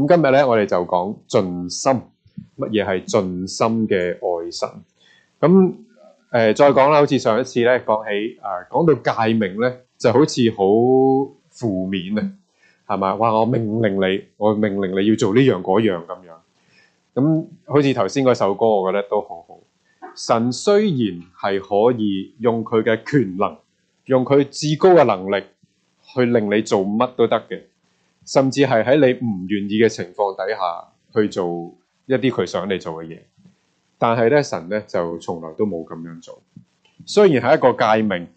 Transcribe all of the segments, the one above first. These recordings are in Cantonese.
咁今日咧，我哋就講盡心，乜嘢係盡心嘅愛神？咁誒，再講啦，好似上一次咧，講起誒，講到誡命咧，就好似好負面啊，係咪？話我命令你，我命令你要做呢樣嗰樣咁樣。咁好似頭先嗰首歌，我覺得都好好。神雖然係可以用佢嘅權能，用佢至高嘅能力去令你做乜都得嘅。甚至係喺你唔願意嘅情況底下去做一啲佢想你做嘅嘢，但係咧神咧就從來都冇咁樣做。雖然係一個誡命，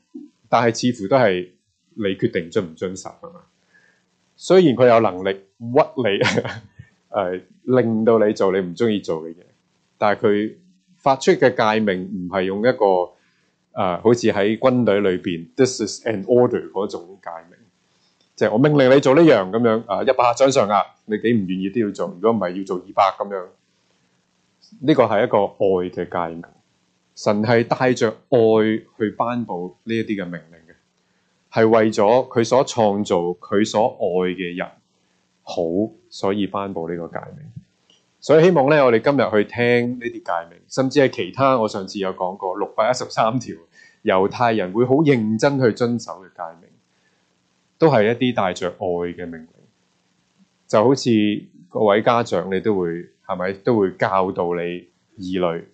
但係似乎都係你決定遵唔遵守啊嘛。雖然佢有能力屈你，誒 令到你做你唔中意做嘅嘢，但係佢發出嘅誡命唔係用一個誒、呃、好似喺軍隊裏邊 this is an order 嗰種誡命。即、就、係、是、我命令你做呢樣咁樣，啊一百張上啊，你幾唔願意都要做。如果唔係要做二百咁樣，呢個係一個愛嘅誡命，神係帶着愛去頒布呢一啲嘅命令嘅，係為咗佢所創造佢所愛嘅人好，所以頒布呢個誡命，所以希望呢，我哋今日去聽呢啲誡命，甚至係其他我上次有講過六百一十三條，猶太人會好認真去遵守嘅誡命。都係一啲帶着愛嘅命令，就好似各位家長，你都會，係咪都會教導你兒女？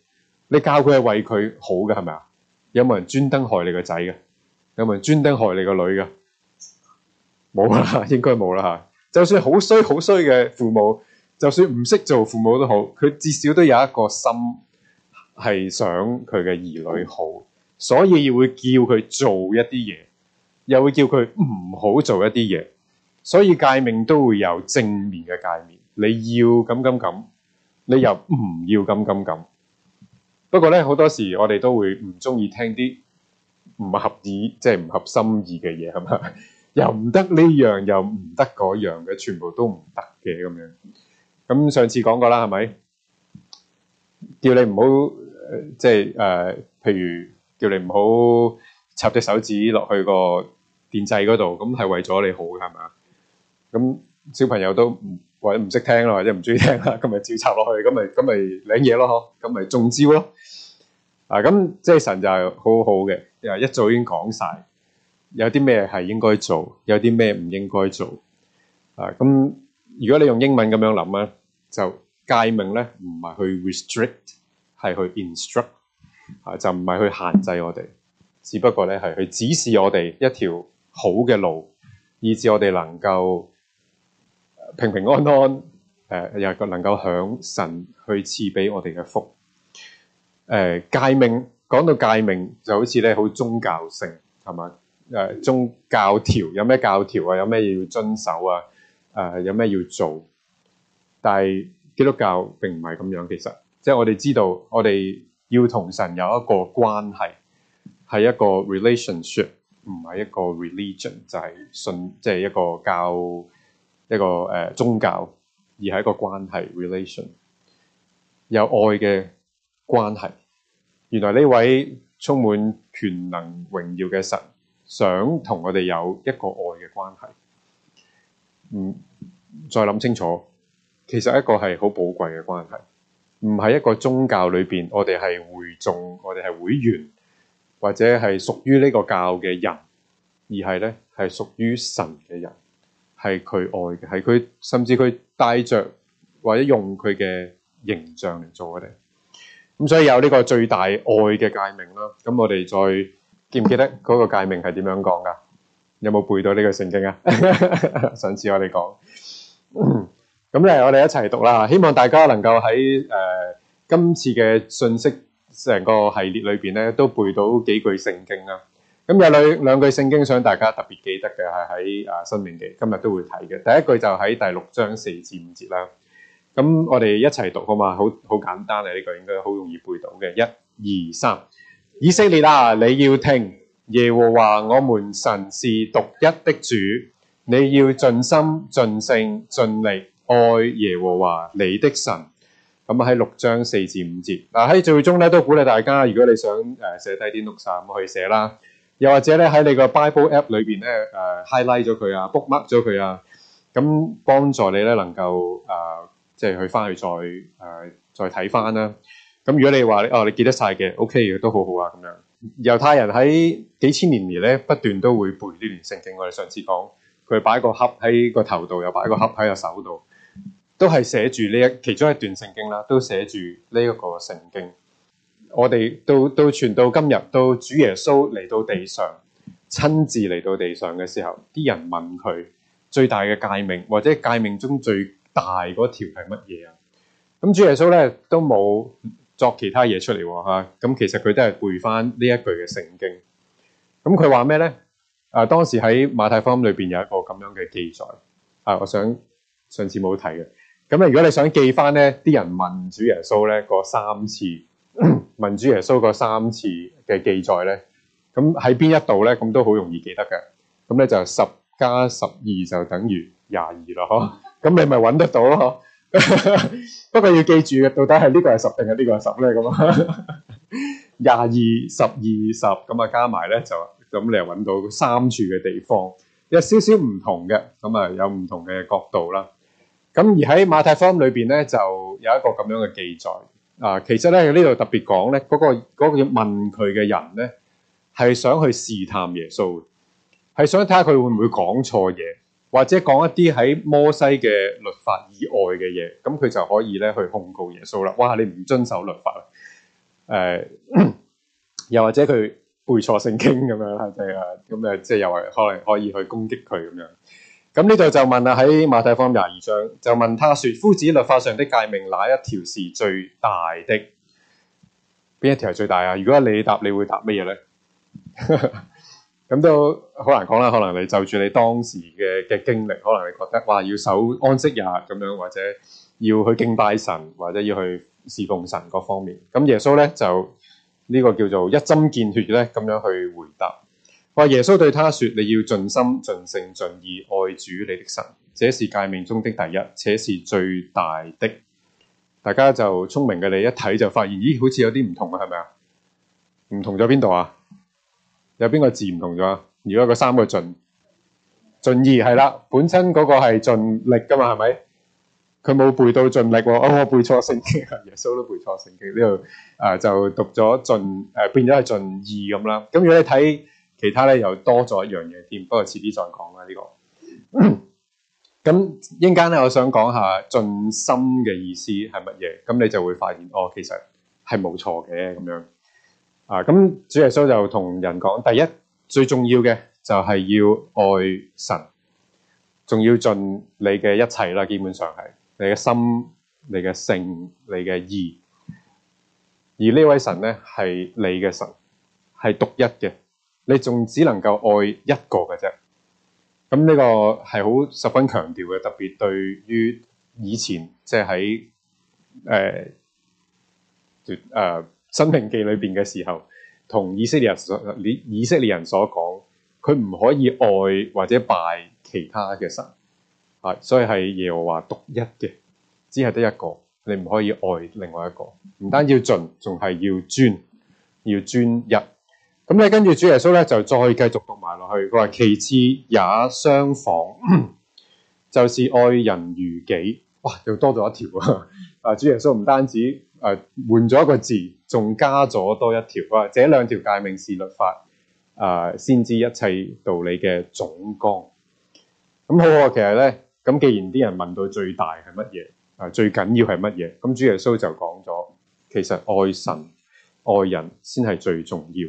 你教佢係爲佢好嘅，係咪啊？有冇人專登害你個仔嘅？有冇人專登害你個女嘅？冇啦，應該冇啦嚇。就算好衰好衰嘅父母，就算唔識做父母都好，佢至少都有一個心係想佢嘅兒女好，所以要會叫佢做一啲嘢。又會叫佢唔好做一啲嘢，所以誡命都會有正面嘅誡命。你要咁咁咁，你又唔要咁咁咁。不過咧，好多時我哋都會唔中意聽啲唔合意，即係唔合心意嘅嘢，係咪？又唔得呢樣，又唔得嗰樣嘅，全部都唔得嘅咁樣。咁上次講過啦，係咪？叫你唔好、呃，即係誒、呃，譬如叫你唔好插隻手指落去個電掣嗰度，咁係為咗你好嘅，係咪啊？咁小朋友都唔或者唔識聽啦，或者唔中意聽啦，咁咪照插落去，咁咪咁咪領嘢咯，咁咪中招咯。啊，咁即係神就係好好嘅，因為一早已經講晒，有啲咩係應該做，有啲咩唔應該做。啊，咁如果你用英文咁樣諗啊，就誡命咧唔係去 restrict，係去 instruct，啊就唔係去限制我哋，只不過咧係去指示我哋一條好嘅路，以致我哋能夠平平安安，誒、呃、又能夠享神去賜俾我哋嘅福。誒、呃，誡命講到誡命就好似咧好宗教性係嘛？誒、呃，宗教條有咩教條啊？有咩要遵守啊？誒、呃，有咩要做？但係基督教並唔係咁樣，其實即係、就是、我哋知道，我哋要同神有一個關係，係一個 relationship。唔係一個 religion，就係信，即係一個教一個誒宗教，而係一個關係 relation，有愛嘅關係。原來呢位充滿權能榮耀嘅神，想同我哋有一個愛嘅關係。嗯，再諗清楚，其實一個係好寶貴嘅關係，唔係一個宗教裏邊，我哋係會眾，我哋係會員。或者係屬於呢個教嘅人，而係咧係屬於神嘅人，係佢愛嘅，係佢甚至佢帶着，或者用佢嘅形象嚟做我哋。咁所以有呢個最大愛嘅誡命啦。咁我哋再記唔記得嗰個誡命係點樣講噶？有冇背到呢個聖經啊？ 上次我哋講，咁嚟我哋一齊讀啦。希望大家能夠喺誒今次嘅信息，成個系列裏邊咧，都背到幾句聖經啦。咁有兩兩句聖經想大家特別記得嘅，係喺啊《申命記》，今日都會睇嘅。第一句就喺第六章四至五節啦。咁我哋一齊讀好嘛？好，好簡單啊，呢句應該好容易背到嘅。一、二、三，以色列啊，你要聽耶和華我們神是獨一的主，你要盡心、盡性、盡力愛耶和華你的神。咁喺六章四至五節，嗱喺最終咧都鼓勵大家，如果你想寫低啲 notes 咁去寫啦，又或者咧喺你個 Bible app 裏面咧 highlight 咗佢啊，bookmark 咗佢啊，咁、呃、幫助你咧能夠即係去翻去再、呃、再睇翻啦。咁如果你話哦你記得晒嘅，OK 都好好啊咁樣。猶太人喺幾千年嚟咧不斷都會背呢段聖經，我哋上次講佢擺個盒喺個頭度，又擺個盒喺、嗯、個手度。都係寫住呢一其中一段聖經啦，都寫住呢一個聖經。我哋到到傳到今日，到主耶穌嚟到地上，親自嚟到地上嘅時候，啲人問佢最大嘅誡命，或者誡命中最大嗰條係乜嘢啊？咁主耶穌咧都冇作其他嘢出嚟喎。咁其實佢都係背翻呢一句嘅聖經。咁佢話咩咧？啊，當時喺馬太福音裏邊有一個咁樣嘅記載啊。我想上，上次冇睇嘅。咁咧，如果你想記翻咧，啲人問主耶穌咧個三次問主耶穌個三次嘅記載咧，咁喺邊一度咧？咁都好容易記得嘅。咁咧就十加十二就等於廿二咯，嗬。咁你咪揾得到咯。 不過要記住嘅，到底係呢個係十定係呢個係十咧咁啊。廿二十二十咁啊，加埋咧就咁你又揾到三處嘅地方，有少少唔同嘅，咁啊有唔同嘅角度啦。咁而喺馬太福音裏邊咧，就有一個咁樣嘅記載。啊，其實咧呢度特別講咧，嗰個嗰個問佢嘅人咧，係想去試探耶穌，係想睇下佢會唔會講錯嘢，或者講一啲喺摩西嘅律法以外嘅嘢，咁佢就可以咧去控告耶穌啦。哇！你唔遵守律法啦。誒，又或者佢背錯聖經咁樣，即係咁誒，即係又係可能可以去攻擊佢咁樣。咁呢度就問啊，喺馬太福音廿二章就問他說：夫子律法上的誡命，哪一條是最大的？邊一條係最大啊？如果你答，你會答咩嘢咧？咁 都好難講啦。可能你就住你當時嘅嘅經歷，可能你覺得話要守安息日咁樣，或者要去敬拜神，或者要去侍奉神各方面。咁耶穌咧就呢個叫做一針見血咧，咁樣去回答。話耶穌對他說：你要盡心、盡性盡、盡意愛主你的神，這是誡命中的第一，且是最大的。大家就聰明嘅你一睇就發現，咦，好似有啲唔同啊，係咪啊？唔同咗邊度啊？有邊個字唔同咗？如果個三個盡盡意係啦，本身嗰個係盡力噶嘛，係咪？佢冇背到盡力喎、哦，我背錯聖經，耶穌都背錯聖經呢度啊，這就讀咗盡誒、呃，變咗係盡意咁啦。咁如果你睇。其他咧又多咗一樣嘢添，不過遲啲再講啦、這個。 呢個咁一陣間咧，我想講下盡心嘅意思係乜嘢。咁你就會發現，哦，其實係冇錯嘅咁樣。啊，咁主耶穌就同人講，第一最重要嘅就係要愛神，仲要盡你嘅一切啦。基本上係你嘅心、你嘅性、你嘅意，而呢位神咧係你嘅神，係獨一嘅。你仲只能夠愛一個嘅啫，咁呢個係好十分強調嘅，特別對於以前即係喺誒誒《申命記》裏面嘅時候，同以色列人所以色列人所講，佢唔可以愛或者拜其他嘅神，所以係耶和華獨一嘅，只係得一個，你唔可以愛另外一個，唔單要盡，仲係要專，要專一。咁咧，跟住主耶穌咧就再繼續讀埋落去，佢話其次也相仿，就是愛人如己。哇，又多咗一條啊！啊，主耶穌唔單止誒換咗一個字，仲加咗多一條啊！這兩條誡命是律法啊，先、呃、知一切道理嘅總綱。咁、嗯、好啊，其實咧，咁既然啲人問到最大係乜嘢啊，最緊要係乜嘢，咁主耶穌就講咗，其實愛神、愛人先係最重要。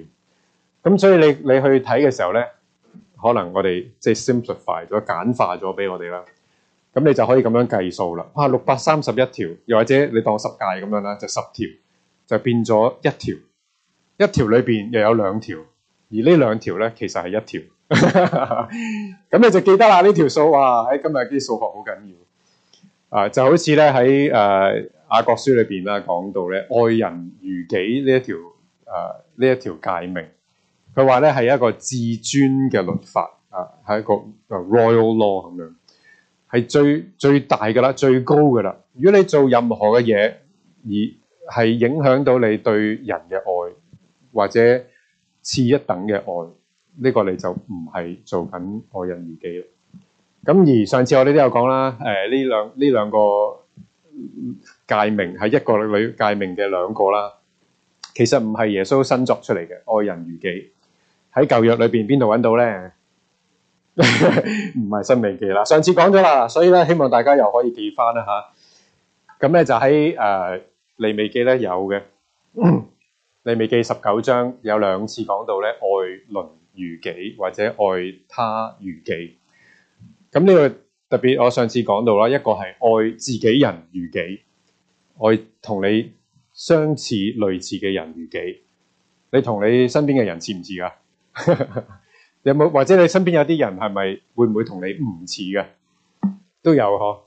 咁所以你你去睇嘅時候咧，可能我哋即係 simplify 咗、簡化咗俾我哋啦。咁你就可以咁樣計數啦。哇、啊，六百三十一條，又或者你當十誡咁樣啦，就十條，就變咗一條。一條裏面又有兩條，而兩條呢兩條咧其實係一條。咁 你就記得啦，呢條數哇！喺、哎、今日啲數學好緊要。啊，就好似咧喺雅各書裏面》裏邊啦講到咧，愛人如己呢一條呢一條誡命。呃佢話咧係一個至尊嘅律法啊，係一個 royal law 咁樣，係最最大噶啦，最高噶啦。如果你做任何嘅嘢，而係影響到你對人嘅愛或者次一等嘅愛，呢、這個你就唔係做緊愛人如己啦。咁而上次我哋都有講啦，誒、呃、呢兩呢兩個、嗯、誡命係一個女誡命嘅兩個啦，其實唔係耶穌新作出嚟嘅愛人如己。喺舊約裏邊邊度揾到咧？唔 係申命記啦，上次講咗啦，所以咧希望大家又可以記翻啦吓。咁咧就喺誒利未記呢，有嘅，利 未記十九章有兩次講到咧愛鄰如己或者愛他如己。咁呢個特別我上次講到啦，一個係愛自己人如己，愛同你相似類似嘅人如己。你同你身邊嘅人似唔似啊？ 有冇或者你身邊有啲人係咪會唔會同你唔似嘅？都有嗬，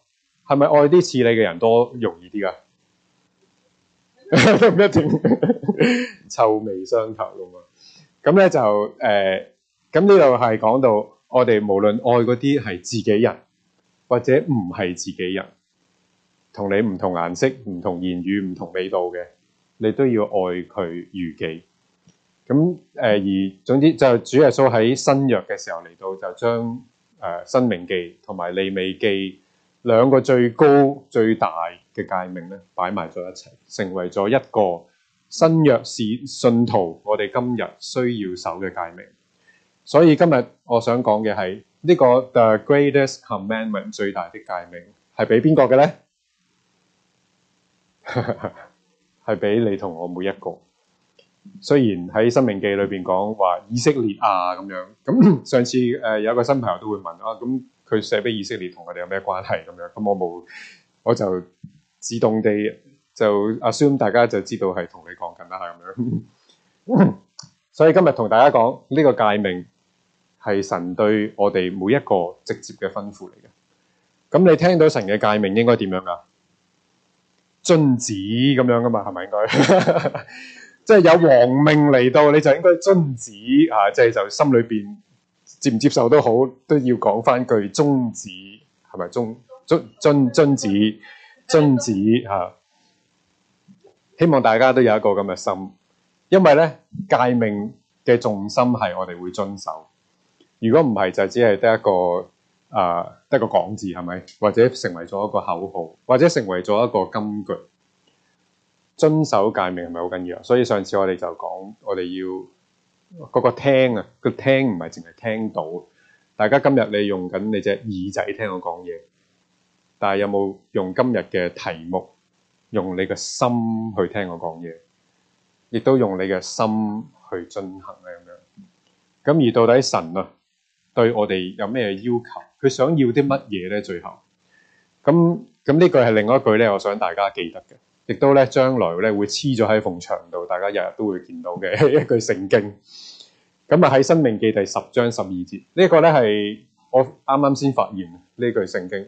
係咪愛啲似你嘅人多容易啲啊？ 都唔一定， 臭味相投噶嘛。咁咧就誒，咁呢度係講到我哋無論愛嗰啲係自己人或者唔係自己人，同你唔同顏色、唔同言語、唔同味道嘅，你都要愛佢如己。咁誒而總之就主耶穌喺新約嘅時候嚟到就將誒、呃、申命記同埋利未記兩個最高最大嘅誡命咧擺埋咗一齊，成為咗一個新約是信徒我哋今日需要守嘅誡命，所以今日我想講嘅係呢個 The Greatest Commandment 最大的誡命的，係俾邊個嘅咧？係俾你同我每一個。雖然喺《生命記》裏邊講話以色列啊，咁樣，咁上次誒有一個新朋友都會問啊，咁佢寫俾以色列同佢哋有咩關係咁樣？咁我冇，我就自動地就 assume 大家就知道係同你講近啦，係咁樣。所以今日同大家講呢個誡命係神對我哋每一個直接嘅吩咐嚟嘅。咁你聽到神嘅誡命應該點樣噶？遵旨咁樣噶嘛，係咪應該？即係有皇命嚟到，你就應該遵旨啊！即係就心裏邊接唔接受都好，都要講翻句遵旨，係咪遵遵遵遵旨？遵旨啊！希望大家都有一個咁嘅心，因為咧誡命嘅重心係我哋會遵守。如果唔係，就只係得一個啊，得個講字係咪？或者成為咗一個口號，或者成為咗一個金句。遵守誡命係咪好緊要啊？所以上次我哋就講，我哋要嗰個聽啊，個聽唔係淨係聽到。大家今日你用緊你隻耳仔聽我講嘢，但係有冇用今日嘅題目，用你個心去聽我講嘢，亦都用你嘅心去進行啊咁樣。咁而到底神啊對我哋有咩要求？佢想要啲乜嘢咧？最後，咁咁呢句係另外一句咧，我想大家記得嘅。亦都咧，將來咧會黐咗喺埲牆度，大家日日都會見到嘅一句聖經。咁啊，喺《申命記》第十章十二節，呢、這個咧係我啱啱先發現呢句聖經。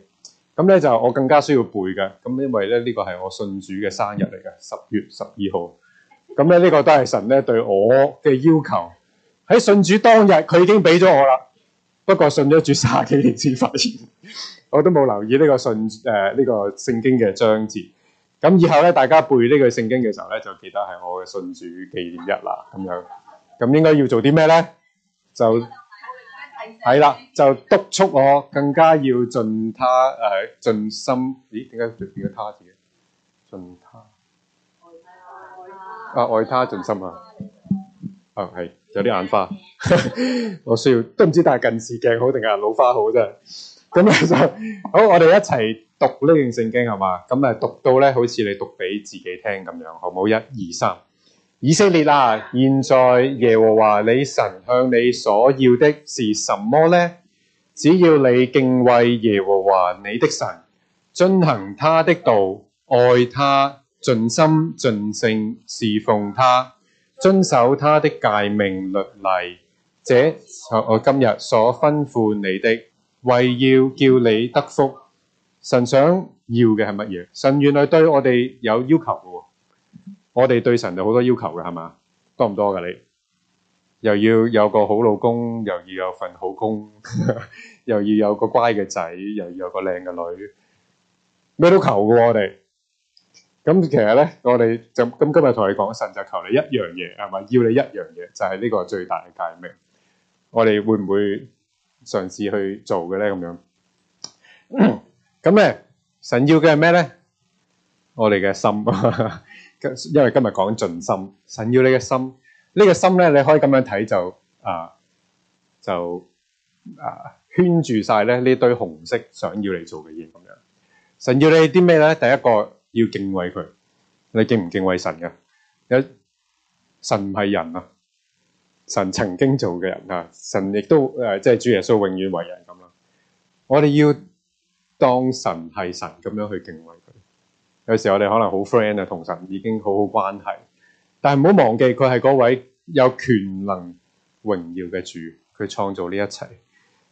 咁咧就我更加需要背嘅。咁因為咧呢個係我信主嘅生日嚟嘅，十月十二號。咁咧呢個都係神咧對我嘅要求。喺信主當日，佢已經俾咗我啦。不過信咗主卅幾年先發現，我都冇留意呢個信誒呢、呃這個聖經嘅章節。咁以後咧，大家背呢句聖經嘅時候咧，就記得係我嘅信主紀念日啦。咁樣，咁應該要做啲咩咧？就係啦，就督促我更加要盡他誒盡、啊、心。咦？點解變咗他字咧？盡他啊，愛他盡心啊。啊、哦，係有啲眼花。 我需要都唔知戴近視鏡好定係老花好啫。咁其實好，我哋一齊，讀呢段聖經係嘛，咁啊讀到咧，好似你讀俾自己聽咁樣，好唔好？一、二、三，以色列啊！現在耶和華你神向你所要的是什麼呢？只要你敬畏耶和華你的神，遵行他的道，愛他，盡心盡性侍奉他，遵守他的誡命律例，這就我今日所吩咐你的，為要叫你得福。神想要嘅係乜嘢？神原來對我哋有要求嘅，我哋對神就好多要求嘅，係嘛？多唔多噶？你又要有個好老公，又要有份好工， 又要有個乖嘅仔，又要有個靚嘅女，咩都求過我哋。咁其實咧，我哋就咁今日同你講，神就求你一樣嘢，係咪？要你一樣嘢，就係、是、呢個最大嘅誡命。我哋會唔會嘗試去做嘅咧？咁樣？ 咁咧，神要嘅係咩咧？我哋嘅心呵呵，因為今日講盡心，神要你嘅心，呢個心咧，你可以咁樣睇就啊，就啊圈住晒，咧呢堆紅色，想要你做嘅嘢，咁樣。神要你啲咩咧？第一個要敬畏佢，你敬唔敬畏神嘅？有神唔係人啊，神曾經做嘅人啊，神亦都誒，即係主耶穌永遠為人咁咯。我哋要。當神係神咁樣去敬畏佢，有時我哋可能好 friend 啊，同神已經好好關係，但係唔好忘記佢係嗰位有權能榮耀嘅主，佢創造呢一切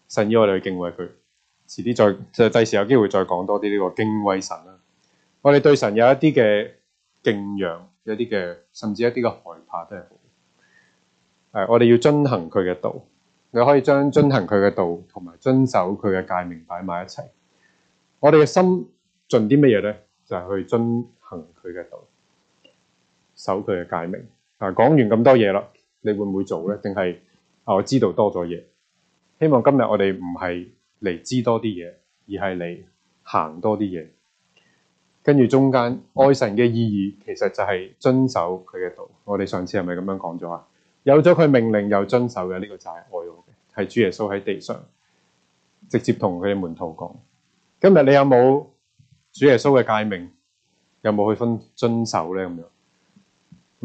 神，要我哋去敬畏佢。遲啲再就第時有機會再講多啲呢個敬畏神啦。我哋對神有一啲嘅敬仰，有啲嘅甚至一啲嘅害怕都係好。誒，我哋要遵行佢嘅道，你可以將遵行佢嘅道同埋遵守佢嘅誡命擺埋一齊。我哋嘅心盡啲乜嘢咧就係、是、去遵行佢嘅道，守佢嘅誡命。啊，講完咁多嘢啦，你會唔會做咧？定係啊，我知道多咗嘢。希望今日我哋唔係嚟知多啲嘢，而係嚟行多啲嘢。跟住中間愛神嘅意義，其實就係遵守佢嘅道。我哋上次係咪咁樣講咗啊？有咗佢命令又遵守嘅呢、這個就係愛我嘅，係主耶穌喺地上直接同佢嘅門徒講。今日你有冇主耶穌嘅誡命，有冇去遵遵守咧？咁樣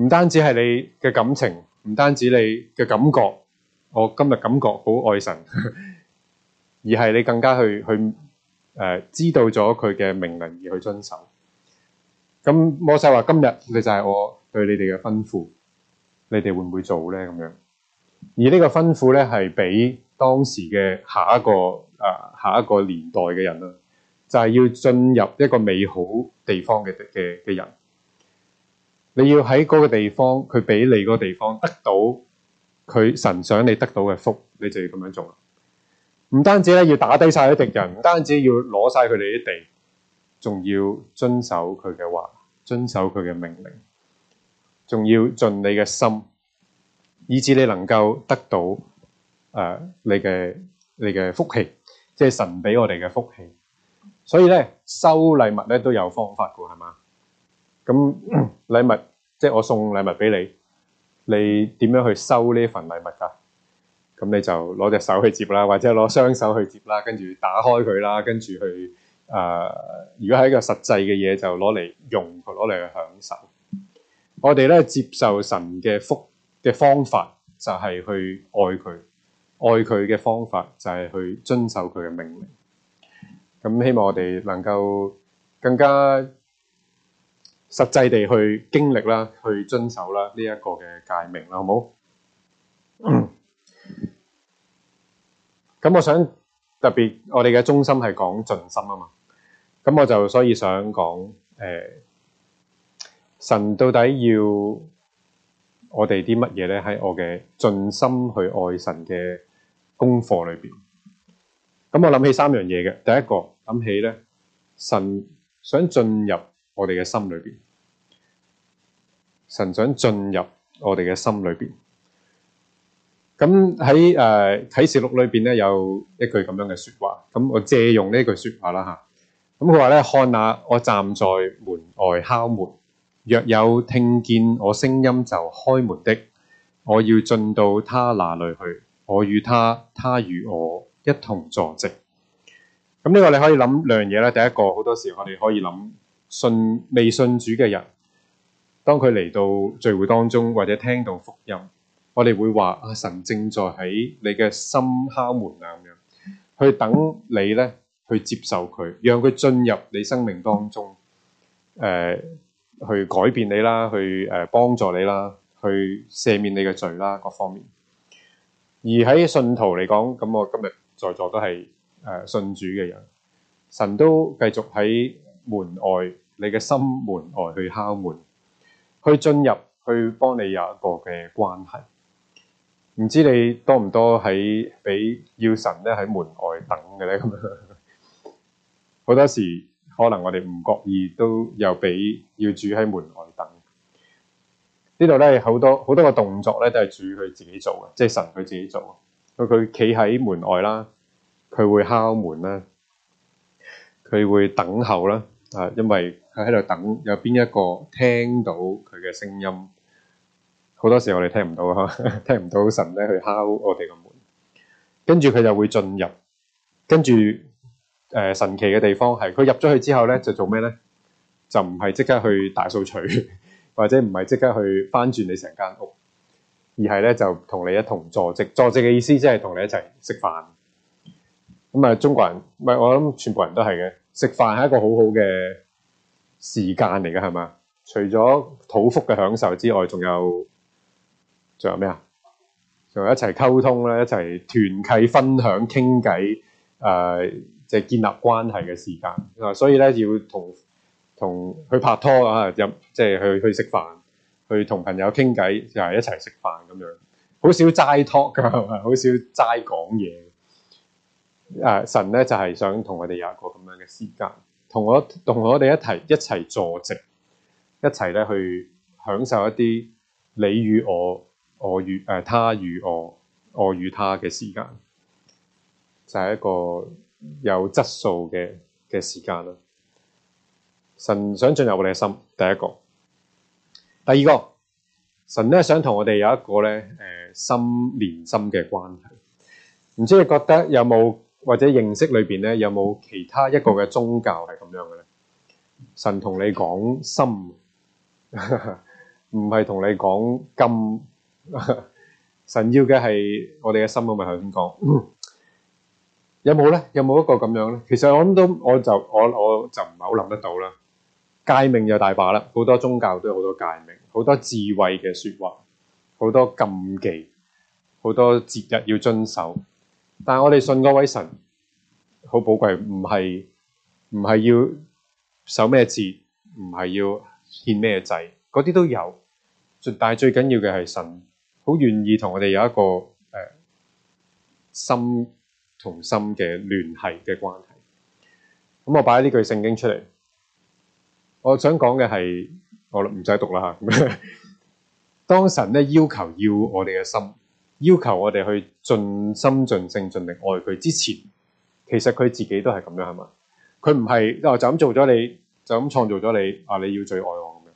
唔單止係你嘅感情，唔單止你嘅感覺，我今日感覺好愛神，而係你更加去去誒知道咗佢嘅命令而去遵守。咁摩西話：今日你就係我對你哋嘅吩咐，你哋會唔會做咧？咁樣而呢個吩咐咧係俾當時嘅下一個誒下一個年代嘅人啦。就係、是、要進入一個美好地方嘅嘅嘅人，你要喺嗰個地方，佢俾你嗰個地方得到佢神想你得到嘅福，你就要咁樣做啦。唔單止咧要打低晒啲敵人，唔單止要攞晒佢哋啲地，仲要遵守佢嘅話，遵守佢嘅命令，仲要盡你嘅心，以至你能夠得到誒、呃、你嘅你嘅福氣，即係神俾我哋嘅福氣。所以咧收禮物咧都有方法㗎係嘛？咁、嗯、禮物即係我送禮物俾你，你點樣去收呢份禮物㗎？咁你就攞隻手去接啦，或者攞雙手去接啦，跟住打開佢啦，跟住去誒、呃。如果係一個實際嘅嘢，就攞嚟用，佢攞嚟去享受。我哋咧接受神嘅福嘅方法，就係、是、去愛佢。愛佢嘅方法，就係去遵守佢嘅命令。咁希望我哋能夠更加實際地去經歷啦，去遵守啦呢一個嘅誡命啦，好唔好？咁我想特別，我哋嘅中心係講盡心啊嘛。咁我就所以想講，誒，神到底要我哋啲乜嘢咧？喺我嘅盡心去愛神嘅功課裏邊。咁我諗起三樣嘢嘅。第一個諗起咧，神想進入我哋嘅心裏邊，神想進入我哋嘅心裏邊。咁喺誒啟示錄裏邊咧，有一句咁樣嘅說話，咁我借用呢句說話啦吓。咁佢話咧，看下，我站在門外敲門，若有聽見我聲音就開門的，我要進到他那裏去，我與他，他與我，一同坐席，咁呢個你可以諗兩樣嘢啦。第一個，好多時我哋可以諗信未信主嘅人，當佢嚟到聚會當中或者聽到福音，我哋會話阿、啊、神正在喺你嘅心敲門啊，咁樣去等你咧去接受佢，讓佢進入你生命當中，誒、呃、去改變你啦，去誒、呃、幫助你啦，去赦免你嘅罪啦，各方面。而喺信徒嚟講，咁我今日。在座都係誒信主嘅人，神都繼續喺門外，你嘅心門外去敲門，去進入，去幫你有一個嘅關係。唔知你多唔多喺俾要神咧喺門外等嘅咧咁樣。好 多時可能我哋唔覺意都又俾要主喺門外等。呢度咧好多好多個動作咧都係主佢自己做嘅，即係神佢自己做。佢佢企喺門外啦，佢會敲門啦，佢會等候啦，啊，因為佢喺度等有邊一個聽到佢嘅聲音，好多時我哋聽唔到啊，聽唔到神咧去敲我哋嘅門，跟住佢就會進入，跟住誒神奇嘅地方係佢入咗去之後咧就做咩咧？就唔係即刻去大掃除，或者唔係即刻去翻轉你成間屋。而係咧就同你一同坐席，坐席嘅意思即係同你一齊食飯。咁啊，中國人唔係我諗全部人都係嘅，食飯係一個好好嘅時間嚟嘅，係嘛？除咗肚腹嘅享受之外，仲有仲有咩啊？仲有一齊溝通咧，一齊團契、分享、傾偈，誒，即係建立關係嘅時間。啊，所以咧要同同去拍拖啊，入即係去去食飯。去同朋友傾偈，就係一齊食飯咁樣，好少齋 talk 噶，好少齋講嘢。神咧就係想同我哋有一個咁樣嘅時間，同我同我哋一齊一齊坐直，一齊咧去享受一啲你與我、我與他與我、我與他嘅時間，就係、是、一個有質素嘅嘅時間啦。神想進入哋嘅心，第一個。第二個，神咧想同我哋有一個咧，誒，心連心嘅關係。唔知你覺得有冇或者認識裏邊咧有冇其他一個嘅宗教係咁樣嘅咧？神同你講心，唔係同你講金。神要嘅係我哋嘅心啊，咪係咁講。有冇咧？有冇一個咁樣咧？其實我諗都，我就我我就唔係好諗得到啦。誡命就大把啦，好多宗教都有好多誡命，好多智慧嘅說話，好多禁忌，好多節日要遵守。但係我哋信嗰位神，好寶貴，唔係唔係要守咩節，唔係要獻咩祭，嗰啲都有。但係最緊要嘅係神好願意同我哋有一個誒、呃、心同心嘅聯繫嘅關係。咁我擺呢句聖經出嚟。我想講嘅係，我唔使讀啦吓。 當神咧要求要我哋嘅心，要求我哋去盡心盡性盡力愛佢之前，其實佢自己都係咁樣，係嘛？佢唔係就咁做咗你，就咁創造咗你啊，你要最愛我咁樣。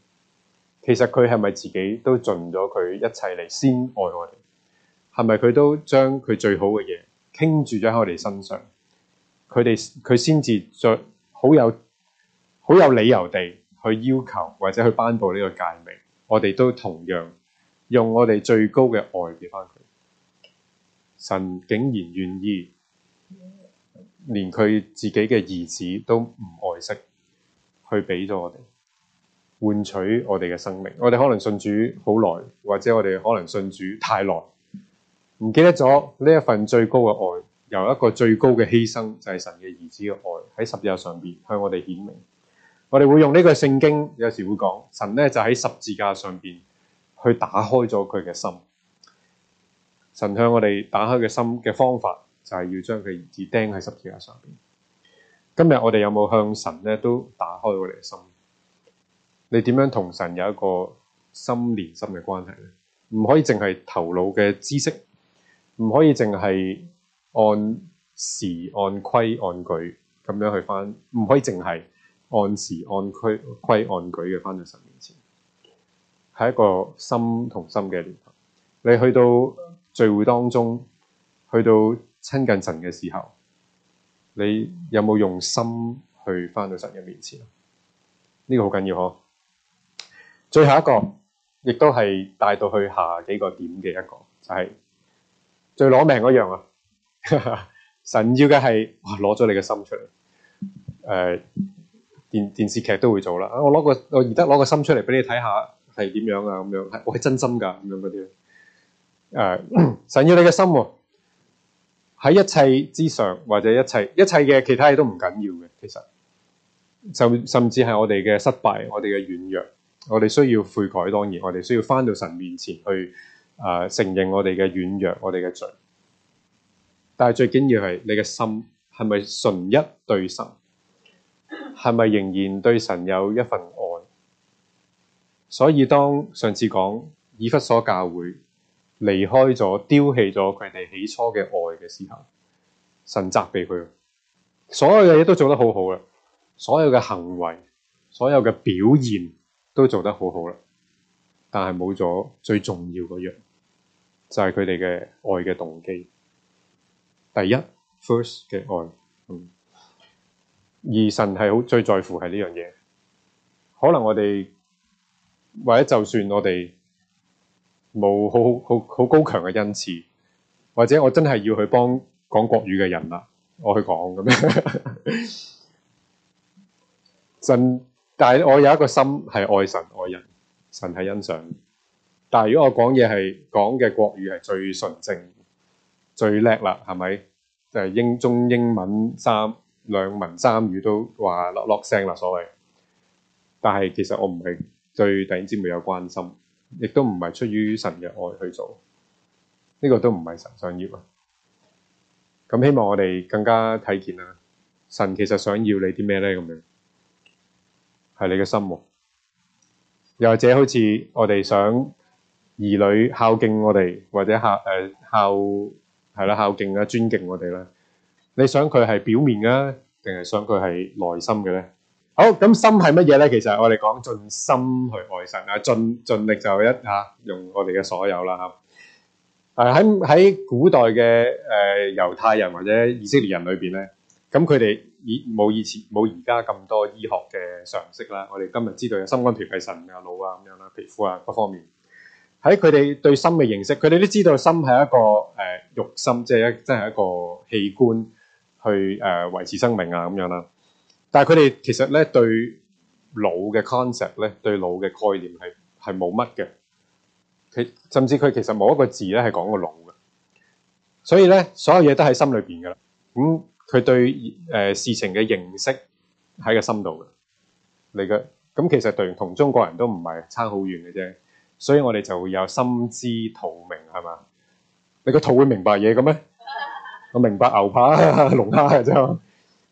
其實佢係咪自己都盡咗佢一切嚟，先愛我哋？係咪佢都將佢最好嘅嘢傾注咗喺我哋身上？佢哋佢先至着好有，好有理由地去要求或者去頒布呢個誡命，我哋都同樣用我哋最高嘅愛俾翻佢。神竟然願意連佢自己嘅兒子都唔愛惜，去俾咗我哋換取我哋嘅生命。我哋可能信主好耐，或者我哋可能信主太耐，唔記得咗呢一份最高嘅愛，由一個最高嘅犧牲就係、是、神嘅兒子嘅愛喺十字架上邊向我哋顯明。我哋會用呢句聖經，有時會講神咧就喺十字架上邊去打開咗佢嘅心。神向我哋打開嘅心嘅方法，就係、是、要將佢兒子釘喺十字架上邊。今日我哋有冇向神咧都打開我哋嘅心？你點樣同神有一個心連心嘅關係咧？唔可以淨係頭腦嘅知識，唔可以淨係按時按規按矩咁樣去翻，唔可以淨係。按時按規規按矩嘅返到神面前，係一個心同心嘅念頭。你去到聚會當中，去到親近神嘅時候，你有冇用心去返到神嘅面前？呢、這個好緊要呵。最後一個亦都係帶到去下幾個點嘅一個，就係、是、最攞命嗰樣啊！神要嘅係攞咗你嘅心出嚟，誒、呃。電電視劇都會做啦，我攞個我易得攞個心出嚟俾你睇下係點樣啊？咁樣，我係真心噶咁樣嗰啲，誒、呃，神要你嘅心喎、哦，喺一切之上或者一切一切嘅其他嘢都唔緊要嘅，其實，就甚，甚至係我哋嘅失敗，我哋嘅軟弱，我哋需要悔改，當然，我哋需要翻到神面前去，誒、呃，承認我哋嘅軟弱，我哋嘅罪，但係最緊要係你嘅心係咪純一對神？係咪仍然對神有一份愛？所以當上次講以弗所教會離開咗、丟棄咗佢哋起初嘅愛嘅時候，神責備佢，所有嘅嘢，都做得好好啦，所有嘅行為、所有嘅表現都做得好好啦，但係冇咗最重要嗰樣，就係佢哋嘅愛嘅動機，第一 first 嘅愛。而神係好最在乎係呢樣嘢，可能我哋或者就算我哋冇好好好好高強嘅恩賜，或者我真係要去幫講國語嘅人啦，我去講咁樣。 神，但係我有一個心係愛神愛人，神係欣賞。但係如果我講嘢係講嘅國語係最純正、最叻啦，係咪？就係、是、英中英文三。兩文三語都話落落聲啦，所謂。但係其實我唔係對突然之沒有關心，亦都唔係出於神嘅愛去做，呢個都唔係神想要。咁希望我哋更加睇見啦，神其實想要你啲咩咧？咁樣係你嘅心，又或者好似我哋想兒女孝敬我哋，或者孝誒孝係啦，孝敬啊，尊敬我哋啦。你想佢係表面嘅，定係想佢係內心嘅咧？好，咁心係乜嘢咧？其實我哋講盡心去愛神啊，盡盡力就一吓用我哋嘅所有啦吓。誒喺喺古代嘅誒猶太人或者以色列人裏邊咧，咁佢哋以冇以前冇而家咁多醫學嘅常識啦，我哋今日知道有心肝脾肺腎啊、腦啊咁樣啦、皮膚啊各方面。喺佢哋對心嘅認識，佢哋都知道心係一個誒肉心，即係一真係一個器官，去誒維持生命啊咁樣啦，但係佢哋其實咧對腦嘅 concept 咧，對腦嘅概念係係冇乜嘅。佢甚至佢其實冇一個字咧係講個腦嘅，所以咧所有嘢都喺心裏邊噶啦。咁佢對誒事情嘅認識喺個心度嘅，你嘅咁其實同同中國人都唔係差好遠嘅啫。所以我哋就會有心知肚明係嘛？你個肚會明白嘢嘅咩？我明白牛扒、龍蝦就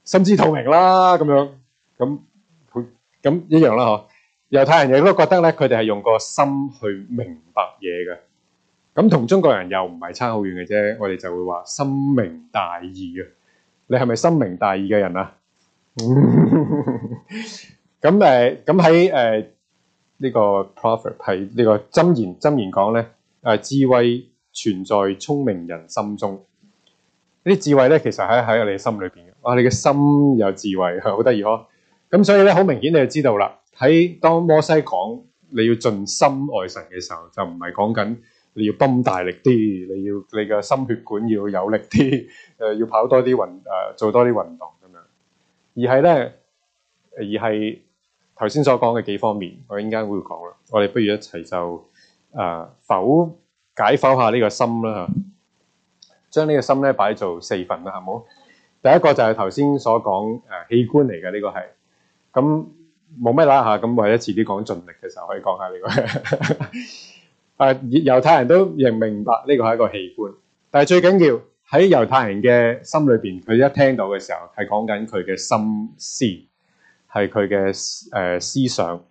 心知肚明啦咁樣，咁咁一樣啦嗬。猶太人亦都覺得咧，佢哋係用個心去明白嘢嘅。咁同中國人又唔係差好遠嘅啫。我哋就會話心明大義啊！你係咪心明大義嘅人啊？咁咁喺呢個 prophet 喺呢個箴言，箴言講咧誒，智慧存在聰明人心中。呢啲智慧咧，其實喺喺我哋嘅心裏邊嘅。哇，你嘅心有智慧，係好得意咯。咁所以咧，好明顯你就知道啦。喺當摩西講你要盡心愛神嘅時候，就唔係講緊你要泵大力啲，你要你嘅心血管要有力啲，誒要跑多啲運誒、啊、做多啲運動咁樣，而係咧，而係頭先所講嘅幾方面，我應該會講啦。我哋不如一齊就誒、啊、否解剖下呢個心啦嚇。將呢個心咧擺做四份啦，係，冇第一個就係頭先所講誒，器官嚟嘅，呢個係咁冇咩啦嚇咁，或者遲啲講盡力嘅時候可以講下呢，這個誒猶 太人都認明白呢個係一個器官，但係最緊要喺猶太人嘅心裏邊，佢一聽到嘅時候係講緊佢嘅心思，係佢嘅誒思想，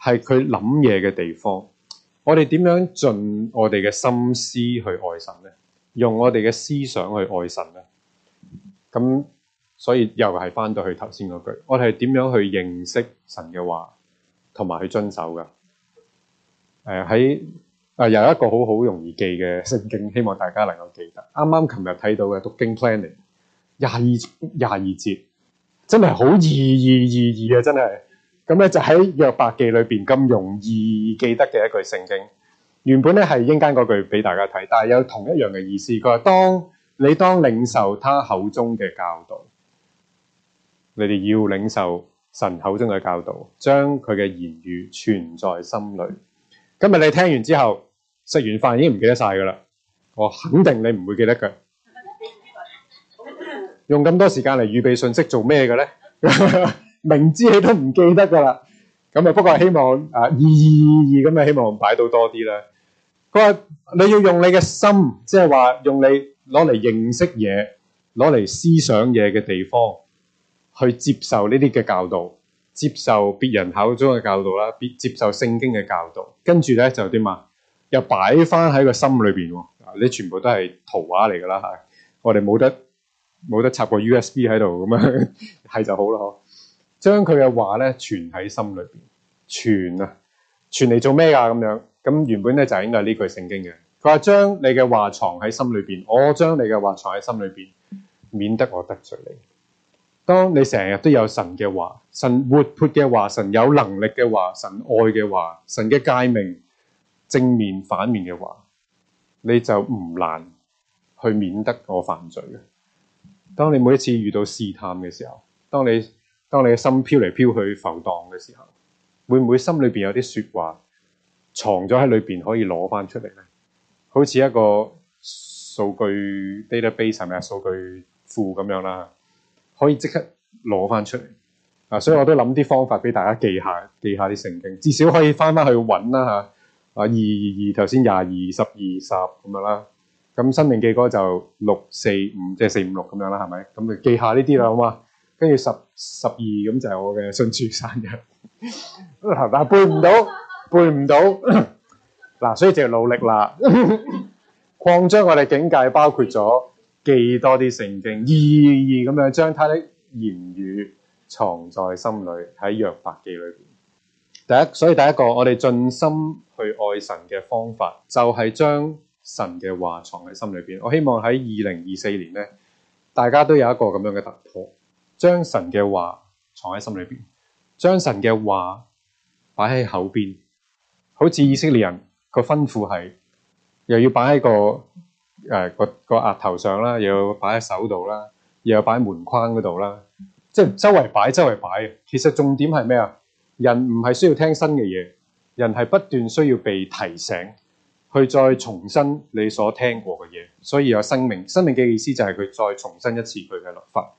係佢諗嘢嘅地方。我哋點樣盡我哋嘅心思去愛神咧？用我哋嘅思想去愛神咧，咁所以又係翻到去頭先嗰句，我哋點樣去認識神嘅話，同埋去遵守㗎？喺、呃呃、有一個好好容易記嘅聖經，希望大家能夠記得。啱啱琴日睇到嘅讀經 planning 廿二廿二節，真係好易易易易啊！真係咁咧就喺約伯記裏面咁容易記得嘅一句聖經。原本咧係英間嗰句俾大家睇，但係有同一樣嘅意思。佢話當你當領受他口中嘅教導，你哋要領受神口中嘅教導，將佢嘅言語存在心裏。今日你聽完之後食完飯已經唔記得晒噶啦，我肯定你唔會記得嘅。 用咁多時間嚟預備信息做咩嘅咧？ 明知你都唔記得噶啦，咁啊不過希望啊二二二二咁啊希望擺到多啲啦。佢話：你要用你嘅心，即係話用你攞嚟認識嘢、攞嚟思想嘢嘅地方，去接受呢啲嘅教導，接受別人口中嘅教導啦，接接受聖經嘅教導。跟住咧就點啊？又擺翻喺個心裏面喎，你全部都係圖畫嚟㗎啦嚇。我哋冇得冇得插個 USB 喺度咁樣，係就好啦嗬，將佢嘅話咧，存喺心裏面，存啊，存嚟做咩㗎咁樣？咁原本咧就應該係呢句聖經嘅，佢話將你嘅話藏喺心裏邊，我將你嘅話藏喺心裏邊，免得我得罪你。當你成日都有神嘅話，神活潑嘅話，神有能力嘅話，神愛嘅話，神嘅誡命、正面反面嘅話，你就唔難去免得我犯罪嘅。當你每一次遇到試探嘅時候，當你當你嘅心飄嚟飄去浮蕩嘅時候，會唔會心裏邊有啲說話？藏咗喺裏面可以攞翻出嚟咧，好似一個數據 database 係咪啊？數據庫咁樣啦，可以即刻攞翻出嚟啊！所以我都諗啲方法俾大家記下記下啲聖經，至少可以翻翻去揾啦吓，啊二二頭先廿二十二十咁樣啦，咁申命記哥就六四五即係四五六咁樣啦，係咪？咁就記下呢啲啦，好嘛？跟住十十二咁就我嘅信序生嘅，頭 大背唔不到上。 背唔到嗱，所以就要努力啦。擴 張我哋境界，包括咗記多啲聖經，意義咁樣，將他的言語藏在心裏，喺約伯記裏邊。第一，所以第一個我哋盡心去愛神嘅方法，就係、是、將神嘅話藏喺心裏邊。我希望喺二零二四年咧，大家都有一個咁樣嘅突破，將神嘅話藏喺心裏邊，將神嘅話擺喺口邊。好似以色列人個吩咐係，又要擺喺個誒個個額頭上啦，又要擺喺手度啦，又要擺喺門框嗰度啦，即係周圍擺周圍擺，啊！其實重點係咩啊？人唔係需要聽新嘅嘢，人係不斷需要被提醒去再重申你所聽過嘅嘢，所以有生命。生命嘅意思就係佢再重申一次佢嘅立法。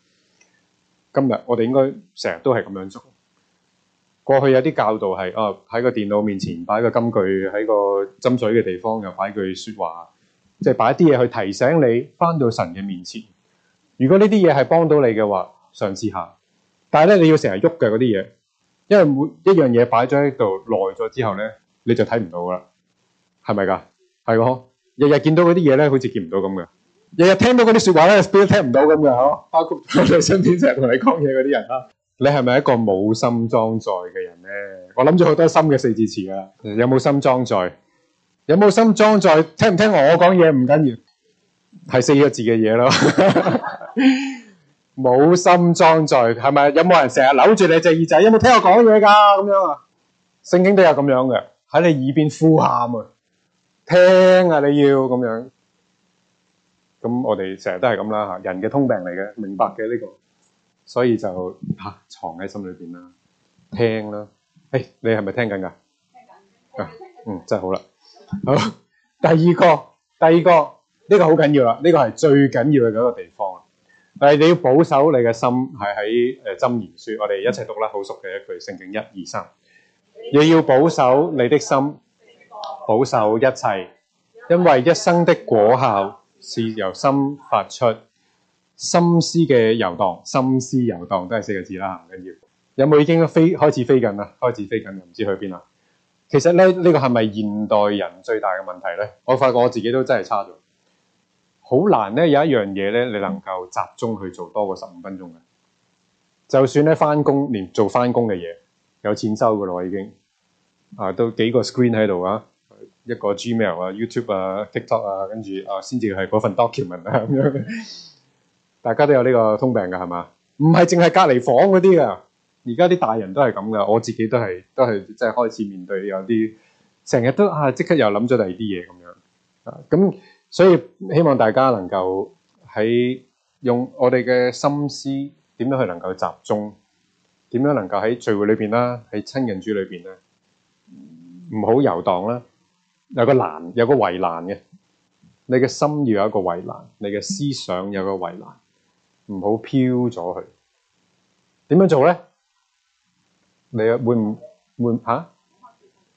今日我哋應該成日都係咁樣做。過去有啲教導係，哦喺個電腦面前擺個金句，喺個斟水嘅地方又擺句説話，即係擺啲嘢去提醒你翻到神嘅面前。如果呢啲嘢係幫到你嘅話，嘗試下。但係咧，你要成日喐嘅嗰啲嘢，因為每一樣嘢擺咗喺度耐咗之後咧，你就睇唔到㗎啦，係咪㗎？係喎，日日見到嗰啲嘢咧，好似見唔到咁嘅；日日聽到嗰啲説話咧，邊都聽唔到咁嘅呵？ 我哋身邊成日同你講嘢嗰啲人啦。你係咪一個冇心裝載嘅人咧？我諗咗好多心嘅四字詞啊。有冇心裝載？有冇心裝載？聽唔聽我講嘢唔緊要，係四個字嘅嘢咯。冇 心裝載係咪？有冇人成日扭住你隻耳仔？有冇聽我講嘢噶？咁樣啊？聖經都有咁樣嘅，喺你耳邊呼喊啊，聽啊！你要咁樣。咁我哋成日都係咁啦吓，人嘅通病嚟嘅，明白嘅呢個。所以就嚇藏喺心裏邊啦，聽啦，誒你係咪聽緊㗎？嗯，真係好啦。好，第二個，第二個呢個好緊要啦，呢個係最緊要嘅嗰個地方。但係你要保守你嘅心係喺誒箴言書，我哋一齊讀啦，好熟嘅一句聖經一二三，你要保守你的心，保守一切，因為一生的果效是由心發出。心思嘅遊蕩，心思遊蕩都係四個字啦，唔緊要。有冇已經飛開始飛緊啦？開始飛緊，唔知去邊啦。其實咧，呢個係咪現代人最大嘅問題咧？我發覺我自己都真係差咗，好難咧。有一樣嘢咧，你能夠集中去做多過十五分鐘嘅，就算咧翻工，連做翻工嘅嘢有錢收噶咯，我已經啊，都幾個 screen 喺度啊，一個 gmail 啊，YouTube 啊，TikTok 啊，跟住啊，先至係嗰份 document 啊咁樣。 大家都有呢個通病㗎，係嘛？唔係淨係隔離房嗰啲啊，而家啲大人都係咁噶。我自己都係都係即係開始面對有啲成日都啊即刻又諗咗第二啲嘢咁樣啊，咁所以希望大家能夠喺用我哋嘅心思點樣去能夠集中，點樣能夠喺聚會裏面啦，喺親近主裏面咧，唔好遊蕩啦，有個欄有個圍欄嘅，你嘅心要有一個圍欄，你嘅思想有個圍欄唔好飄咗佢，點樣做咧？你會唔會吓？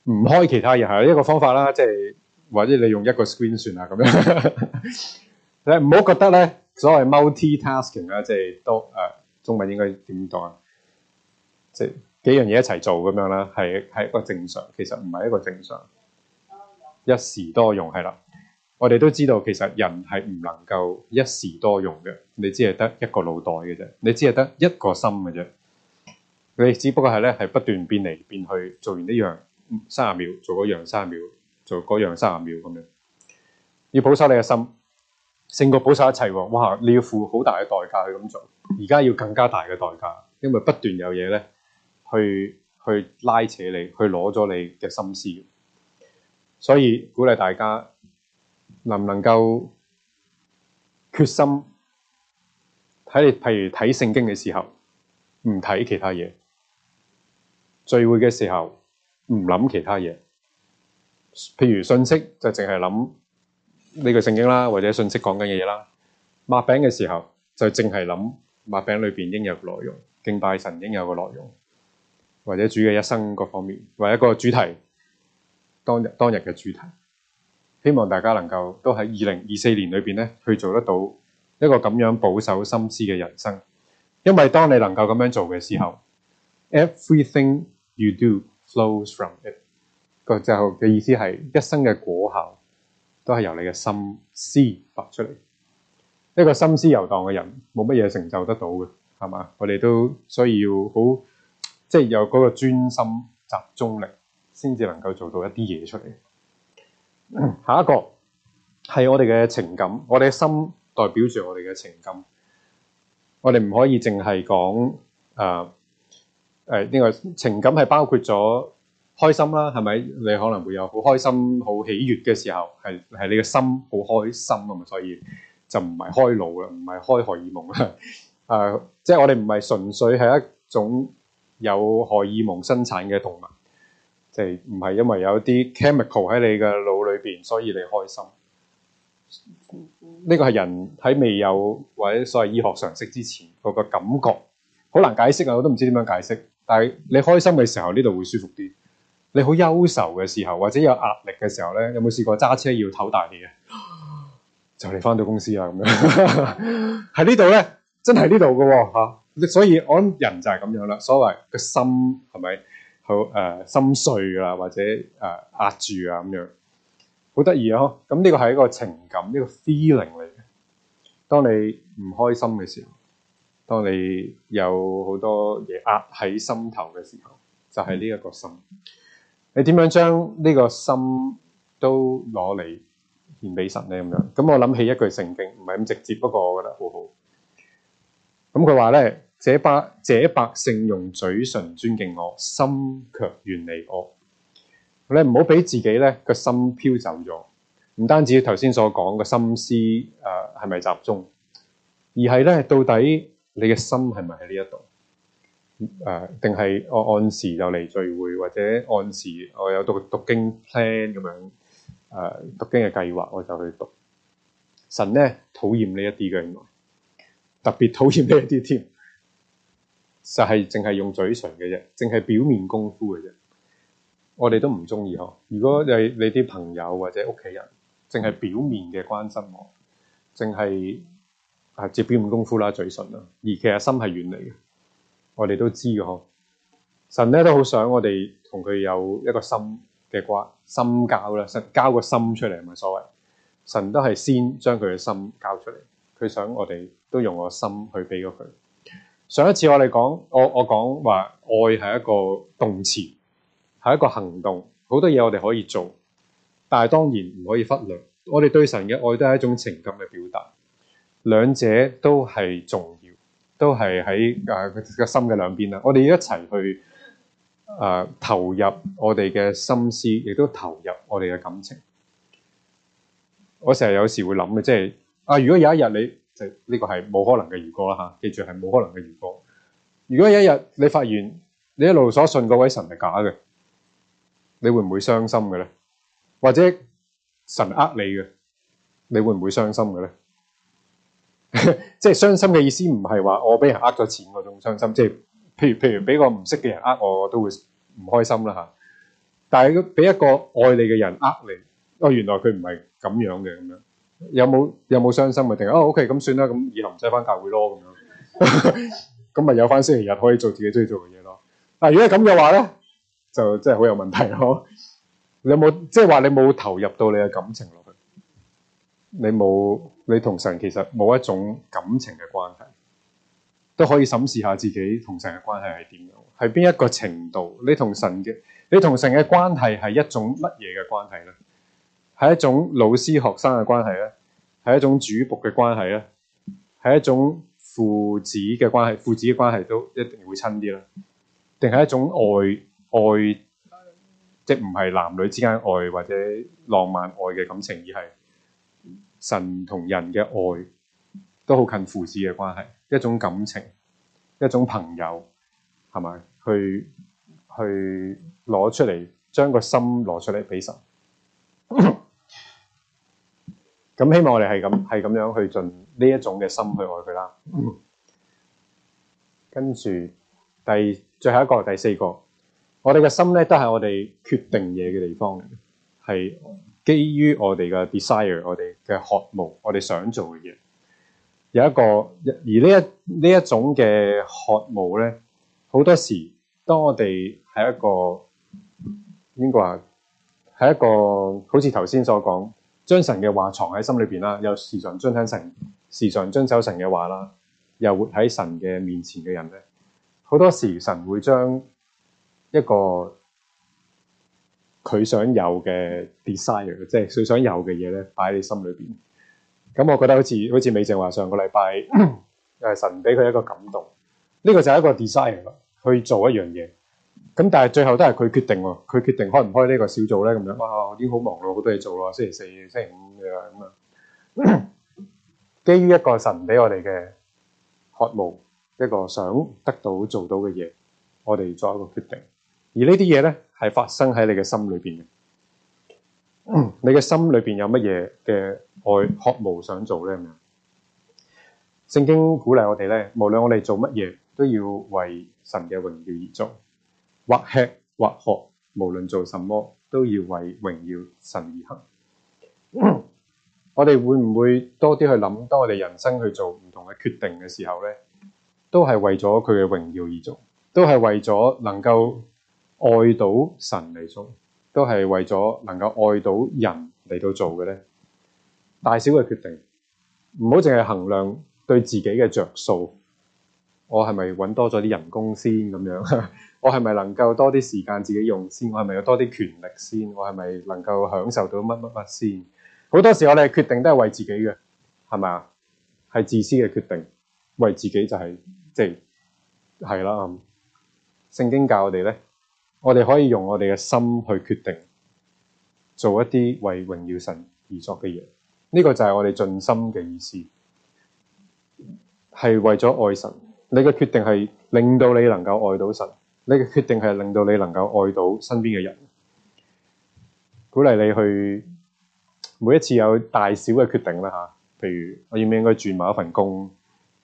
唔、啊、開其他嘢？係、這、一個方法啦，即係或者你用一個 screen 算啦咁樣。你唔好覺得咧所謂 multi-tasking 啦，即係多誒中文應該點講？即係幾樣嘢一齊做咁樣啦，係係一個正常，其實唔係一個正常，一時多用係啦。我哋都知道，其實人係唔能夠一時多用嘅。你只係得一個腦袋嘅啫，你只係得一個心嘅啫。你只不過係咧，係不斷變嚟變去，做完一樣三十秒，做嗰樣三十秒，做嗰樣三十秒咁樣。要保守你嘅心，勝過保守一切。哇！你要付好大嘅代價去咁做，而家要更加大嘅代價，因為不斷有嘢咧去去拉扯你，去攞咗你嘅心思。所以鼓勵大家。能唔能夠決心？睇你譬如睇聖經嘅時候，唔睇其他嘢；聚會嘅時候，唔諗其他嘢。譬如信息就淨係諗呢個聖經啦，或者信息講緊嘅嘢啦。擘餅嘅時候就淨係諗擘餅裏邊應有嘅內容，敬拜神應有嘅內容，或者主嘅一生各方面，或者一個主題當日當日嘅主題。希望大家能夠都喺二零二四年裏面咧去做得到一個咁樣保守心思嘅人生，因為當你能夠咁樣做嘅時候、嗯，everything you do flows from it。個最後嘅意思係一生嘅果效都係由你嘅心思發出嚟。一個心思遊蕩嘅人冇乜嘢成就得到嘅，係嘛？我哋都需要好即係有嗰個專心集中力，先至能夠做到一啲嘢出嚟。下一個係我哋嘅情感，我哋嘅心代表住我哋嘅情感。我哋唔可以淨係講誒誒，呢個情感係包括咗開心啦，係咪？你可能會有好開心、好喜悅嘅時候，係係你嘅心好開心啊嘛，所以就唔係開腦啦，唔係開荷爾蒙啦。誒、呃，即係我哋唔係純粹係一種有荷爾蒙生產嘅動物。唔係因為有啲 chemical 喺你嘅腦裏邊，所以你開心。呢個係人喺未有或者所謂醫學常識之前，佢個感覺好難解釋啊！我都唔知點樣解釋。但係你開心嘅時候，呢度會舒服啲。你好憂愁嘅時候，或者有壓力嘅時候咧，有冇試過揸車要唞大氣啊？就嚟返到公司啊！咁樣喺呢度咧，真係呢度嘅嚇。所以我諗人就係咁樣啦。所謂個心係咪？是好誒、呃，心碎啦，或者誒、呃、壓住啊，咁樣好得意哦。咁呢個係一個情感，呢個 feeling 嚟嘅。當你唔開心嘅時候，當你有好多嘢壓喺心頭嘅時候，就係呢一個心。嗯、你點樣將呢個心都攞嚟獻俾神呢？咁樣咁我諗起一句聖經，唔係咁直接，不過我覺得好好。咁佢話咧。嗯這百這百姓用嘴唇尊敬我，心卻遠離我。你唔好俾自己咧個心飄走咗。唔單止頭先所講個心思誒係咪集中，而係咧到底你嘅心係咪喺呢一度？誒，定係我按時就嚟聚會，或者按時我有讀讀經 plan 咁樣誒讀經嘅計劃，計劃我就去讀。神咧討厭呢一啲嘅，特別討厭呢一啲添。就係淨係用嘴唇嘅啫，淨係表面功夫嘅啫。我哋都唔中意嗬。如果你你啲朋友或者屋企人，淨係表面嘅關心我，淨係啊接表面功夫啦，嘴唇啦。而其實心係遠離嘅。我哋都知嘅嗬。神咧都好想我哋同佢有一個心嘅關，心交啦，實交個心出嚟，咪所謂。神都係先將佢嘅心交出嚟，佢想我哋都用個心去俾咗佢。上一次我哋講，我我講話愛係一個動詞，係一個行動，好多嘢我哋可以做，但係當然唔可以忽略，我哋對神嘅愛都係一種情感嘅表達，兩者都係重要，都係喺誒個心嘅兩邊啦。我哋要一齊去誒、啊、投入我哋嘅心思，亦都投入我哋嘅感情。我成日有時會諗嘅，即係啊，如果有一日你。呢、個係冇可能嘅如果啦嚇，記住係冇可能嘅如果。如果有一日你發現你一路所信嗰位神係假嘅，你會唔會傷心嘅咧？或者神呃你嘅，你會唔會傷心嘅咧？即係傷心嘅意思唔係話我俾人呃咗錢嗰種傷心，即係譬如譬如俾個唔識嘅人呃我我都會唔開心啦嚇。但係俾一個愛你嘅人呃你，哦，原來佢唔係咁樣嘅咁樣。有冇有冇傷心咪定？哦，OK，咁算啦，咁以後唔使翻教會咯，咁樣，咁咪有翻星期日可以做自己中意做嘅嘢咯。但、啊、係如果咁嘅話咧，就真係好有問題咯。有冇就係、你冇冇即係話你冇投入到你嘅感情落去？你冇你同神其實冇一種感情嘅關係，都可以審視下自己同神嘅關係係點樣，係邊一個程度？你同神嘅你同神嘅關係係一種乜嘢嘅關係咧？係一種老師學生嘅關係咧，係一種主僕嘅關係咧，係一種父子嘅關係，父子嘅關係都一定會親啲啦。定係一種愛愛，即唔係男女之間愛或者浪漫愛嘅感情，而係神同人嘅愛，都好近父子嘅關係，一種感情，一種朋友，係咪？去去攞出嚟，將個心攞出嚟俾神。 咁希望我哋係咁係咁樣去盡呢一種嘅心去愛佢啦、嗯。跟住第最後一個、第四個，我哋嘅心咧都係我哋決定嘢嘅地方係基於我哋嘅 desire，我哋嘅渴慕我哋想做嘅嘢。有一個而呢一呢一種嘅渴慕咧，好多時當我哋係一個應該話，係一個好似頭先所講。將神嘅話藏喺心裏邊啦，有時常遵聽神，時常遵守神嘅話啦，又活喺神嘅面前嘅人咧，好多時神會將一個佢想有嘅 desire，即係佢想有嘅嘢咧，擺喺你心裏邊。咁我覺得好似好似美靜話上個禮拜，誒 神俾佢一個感動呢，呢個就係一個 desire 去做一樣嘢。咁但係最後都係佢決定喎，佢決定開唔開呢個小組咧？咁樣哇，我已經好忙咯，好多嘢做咯，星期四、星期五咁樣。基於一個神俾我哋嘅渴望，一個想得到、做到嘅嘢，我哋作一個決定。而呢啲嘢咧，係發生喺你嘅心裏邊嘅。你嘅心裏邊有乜嘢嘅愛渴望想做咧？咁樣，聖經鼓勵我哋咧，無論我哋做乜嘢，都要為神嘅榮耀而做。或吃或喝，無論做什麼，都要為榮耀神而行。 我哋會唔會多啲去諗？當我哋人生去做唔同嘅決定嘅時候，呢都係為咗佢嘅榮耀而做，都係為咗能夠愛到神嚟，做都係為咗能夠愛到人嚟到做嘅呢？大小嘅決定，唔好淨係衡量對自己嘅着數，我係咪搵多咗啲人工先咁樣？ 我係咪能夠多啲時間自己用先？我係咪有多啲權力先？我係咪能夠享受到乜乜乜先？好多時我哋決定都係為自己嘅，係咪啊？係自私嘅決定，為自己就係即係係啦。聖經教我哋咧，我哋可以用我哋嘅心去決定做一啲為榮耀神而作嘅嘢。呢個就係我哋盡心嘅意思，係為咗愛神。你嘅決定係令到你能夠愛到神。你嘅決定係令到你能夠愛到身邊嘅人，鼓勵你去每一次有大小嘅決定啦吓，譬如我應唔應該轉某一份工，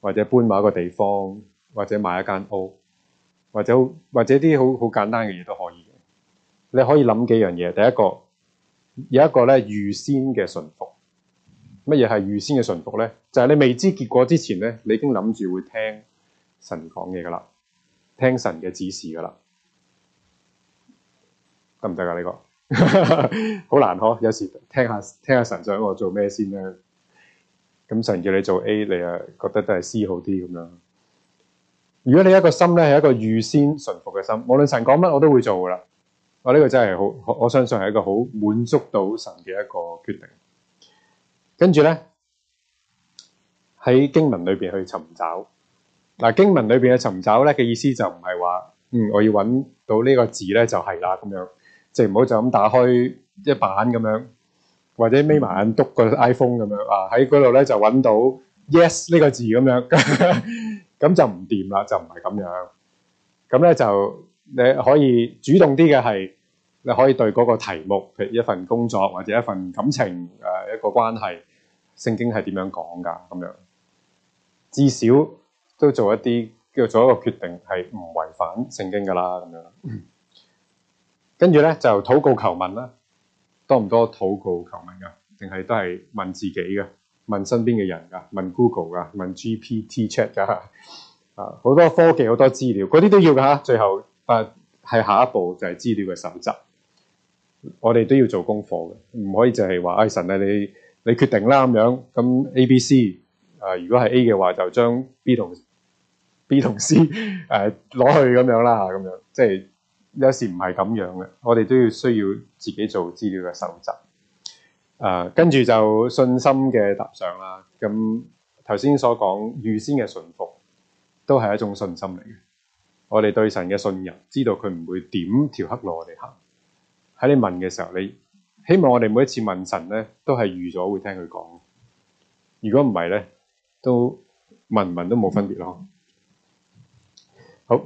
或者搬某一個地方，或者買一間屋，或者或者啲好好簡單嘅嘢都可以。你可以諗幾樣嘢。第一個有一個咧預先嘅順服。乜嘢係預先嘅順服咧？就係你未知結果之前咧，你已經諗住會聽神講嘢噶啦。聽神嘅指示噶啦，得唔得噶呢個？好 難嗬！有時聽下聽下神想我做咩先咧。咁神叫你做 A，你啊覺得都係 C 好啲咁樣。如果你一個心咧係一個預先順服嘅心，無論神講乜，我都會做噶啦。我呢個真係好，我相信係一個好滿足到神嘅一個決定。跟住咧喺經文裏邊去尋找。嗱，經文裏邊嘅尋找咧嘅意思就唔係話，嗯，我要揾到呢個字咧就係啦咁樣，即係唔好就咁打開一版咁樣，或者眯埋眼篤個 iPhone 咁樣啊，喺嗰度咧就揾到 yes 呢個字咁樣，咁就唔掂啦，就唔係咁樣。咁咧就你可以主動啲嘅係，你可以對嗰個題目，譬如一份工作或者一份感情誒，一個關係，聖經係點樣講㗎咁樣，至少。都做一啲，叫做做一個決定，係唔違反聖經噶啦咁樣。跟住咧就禱告求問啦，多唔多禱告求問噶？定係都係問自己噶？問身邊嘅人噶？問 Google 噶？問 GPT Chat 噶？啊，好多科技好多資料，嗰啲都要噶吓。最後，但、啊、係下一步就係資料嘅蒐集，我哋都要做功課嘅，唔可以就係話，哎，神啊，你你決定啦咁樣，咁 A、B、C，啊，如果係 A 嘅話就將 B 同。B 同 C 誒、呃、攞去咁樣啦，咁樣即係有時唔係咁樣嘅。我哋都要需要自己做資料嘅蒐集，誒跟住就信心嘅搭上啦。咁、嗯、頭先所講預先嘅順服都係一種信心嚟嘅。我哋對神嘅信任，知道佢唔會點條黑路我哋行。喺你問嘅時候，你希望我哋每一次問神咧，都係預咗會聽佢講。如果唔係咧，都問唔問都冇分別咯。嗯好，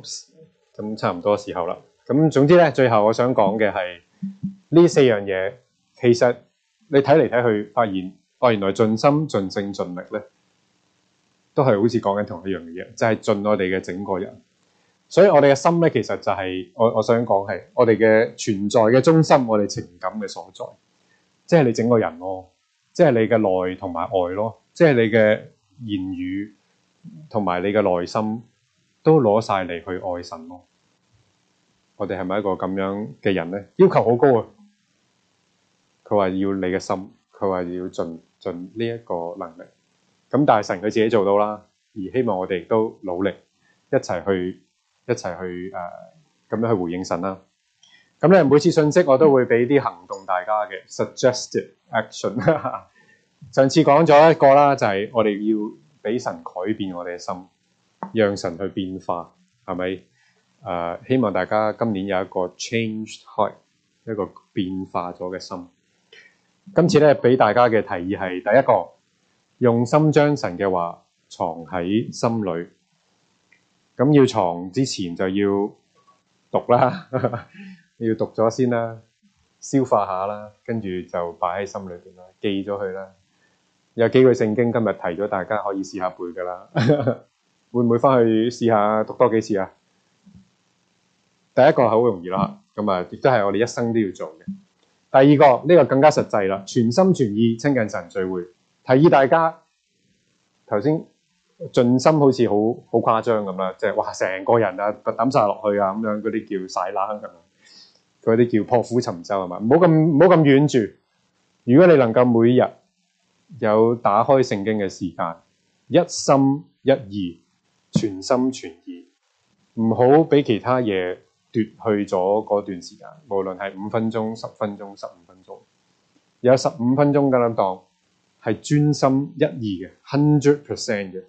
咁差唔多時候啦。咁總之咧，最後我想講嘅係呢四樣嘢，其實你睇嚟睇去，發現哦，原來盡心、盡性、盡力咧，都係好似講緊同一樣嘢，就係、是、盡我哋嘅整個人。所以我哋嘅心咧，其實就係、是、我我想講係我哋嘅存在嘅中心，我哋情感嘅所在，即係你整個人咯、啊，即係你嘅內同埋外咯，即係你嘅言語同埋你嘅內心。都攞晒嚟去愛神咯、哦，我哋係咪一個咁樣嘅人咧？要求好高啊！佢話要你嘅心，佢話要盡盡呢一個能力。咁大神佢自己做到啦，而希望我哋都努力一齊去一齊去誒，咁、呃、樣去回應神啦。咁咧每次信息我都會俾啲行動大家嘅、嗯、suggested action。 上次講咗一個啦，就係、是、我哋要俾神改變我哋嘅心。讓神去變化，係咪？誒、呃，希望大家今年有一個 change heart，一個變化咗嘅心。今次咧俾大家嘅提議係第一個，用心將神嘅話藏喺心裏。咁要藏之前就要讀啦，呵呵要讀咗先啦，消化下啦，跟住就擺喺心裏邊啦，記咗佢啦。有幾句聖經今日提咗，大家可以試下背㗎啦。呵呵會唔會翻去試下讀多幾次啊？第一個係好容易啦，咁啊亦都係我哋一生都要做嘅。第二個呢個更加實際啦，全心全意親近神聚會，提議大家頭先盡心好似好好誇張咁啦，即係哇成個人啊抌晒落去啊咁樣，嗰啲叫晒冷咁樣，嗰啲叫破釜沉舟係嘛，唔好咁唔好咁遠住。如果你能夠每日有打開聖經嘅時間，一心一意。全心全意，唔好俾其他嘢奪去咗嗰段時間。無論係五分鐘、十分鐘、十五分鐘，有十五分鐘嘅諗檔，係專心一意嘅，hundred percent 嘅，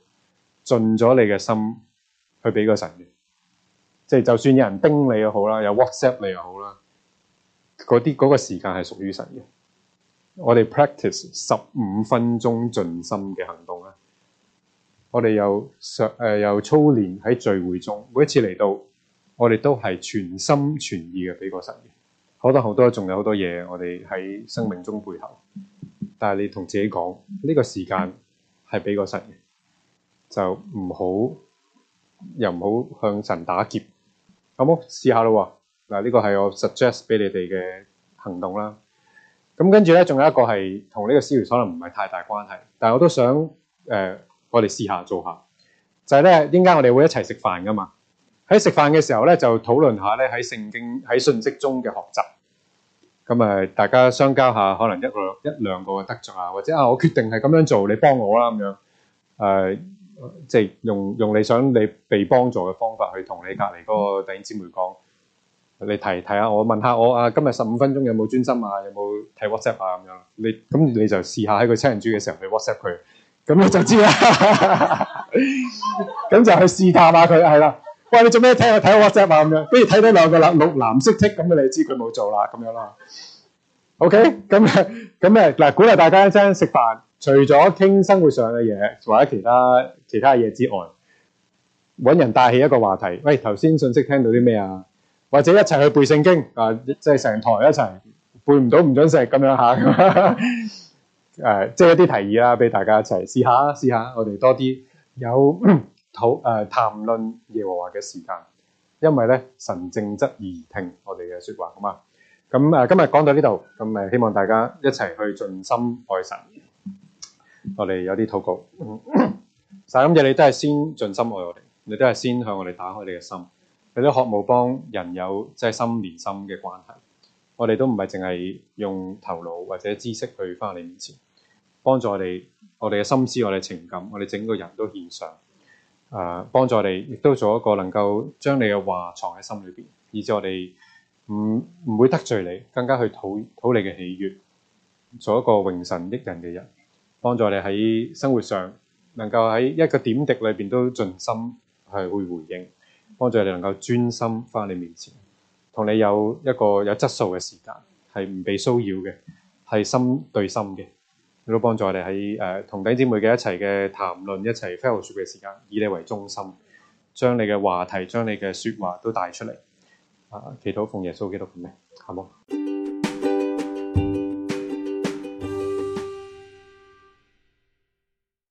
盡咗你嘅心去俾個神嘅。即係就算有人叮你又好啦，有 WhatsApp 你又好啦，嗰啲嗰個時間係屬於神嘅。我哋 practice 十五分鐘盡心嘅行動啦。我哋又上誒又操練喺聚會中，每一次嚟到，我哋都係全心全意嘅俾個神嘅。好多好多仲有好多嘢，我哋喺生命中背後，但係你同自己講，呢個時間係俾個神嘅，就唔好又唔好向神打劫，好試試下咯喎？嗱，呢個係我 suggest 俾你哋嘅行動啦。咁跟住咧，仲有一個係同呢個系列可能唔係太大關係，但我都想誒。呃我哋試下做下，就係、是、咧，陣間我哋會一齊食飯噶嘛。喺食飯嘅時候咧，就討論下咧喺聖經喺信息中嘅學習。咁啊，大家相交下，可能一兩個一兩個嘅得著啊，或者啊，我決定係咁樣做，你幫我啦咁樣。誒、呃，即、就、係、是、用用你想你被幫助嘅方法去同你隔離嗰個弟兄姊妹講，你提提下我問下我啊，今日十五分鐘有冇專心啊？有冇睇 WhatsApp 啊？咁樣你咁你就試下喺佢七人主嘅時候去 WhatsApp 佢。咁我就知啦，咁 就去試探下佢係啦。喂，你做咩聽我睇 WhatsApp 啊？咁樣，不如睇到兩個藍綠藍，藍色剔，咁你就知佢冇做啦，咁樣啦。OK，咁啊，咁啊，嗱，鼓勵大家一陣食飯，除咗傾生活上嘅嘢或者其他其他嘢之外，搵人帶起一個話題。喂，頭先信息聽到啲咩啊？或者一齊去背聖經啊？即係成枱，一齊背唔到唔准食咁樣吓。誒、呃，即係一啲提議啦，俾大家一齊試下啊！試下我哋多啲有討誒談論耶和華嘅時間，因為咧神正則而聽我哋嘅說話好嘛。咁誒、呃，今日講到呢度，咁誒，希望大家一齊去盡心愛神。我哋有啲禱告，就咁嘢，你都係先盡心愛我哋，你都係先向我哋打開你嘅心，你都渴望幫人有即係、就是、心連心嘅關係。我哋都唔係淨係用頭腦或者知識去翻你面前。幫助你，我哋嘅心思，我哋情感，我哋整個人都獻上。誒、啊，幫助你亦都做一個能夠將你嘅話藏喺心裏面，以致我哋唔唔會得罪你，更加去討討你嘅喜悅。做一個榮神益人嘅人，幫助你喺生活上能夠喺一個點滴裏面都盡心去回應，幫助你能夠專心翻你面前，同你有一個有質素嘅時間，係唔被騷擾嘅，係心對心嘅。都幫助我哋喺誒同弟兄姊妹嘅一齊嘅談論，一齊 fellowship 嘅時間，以你為中心，將你嘅話題，將你嘅說話都帶出嚟。啊，祈禱奉耶穌基督嘅名，係冇。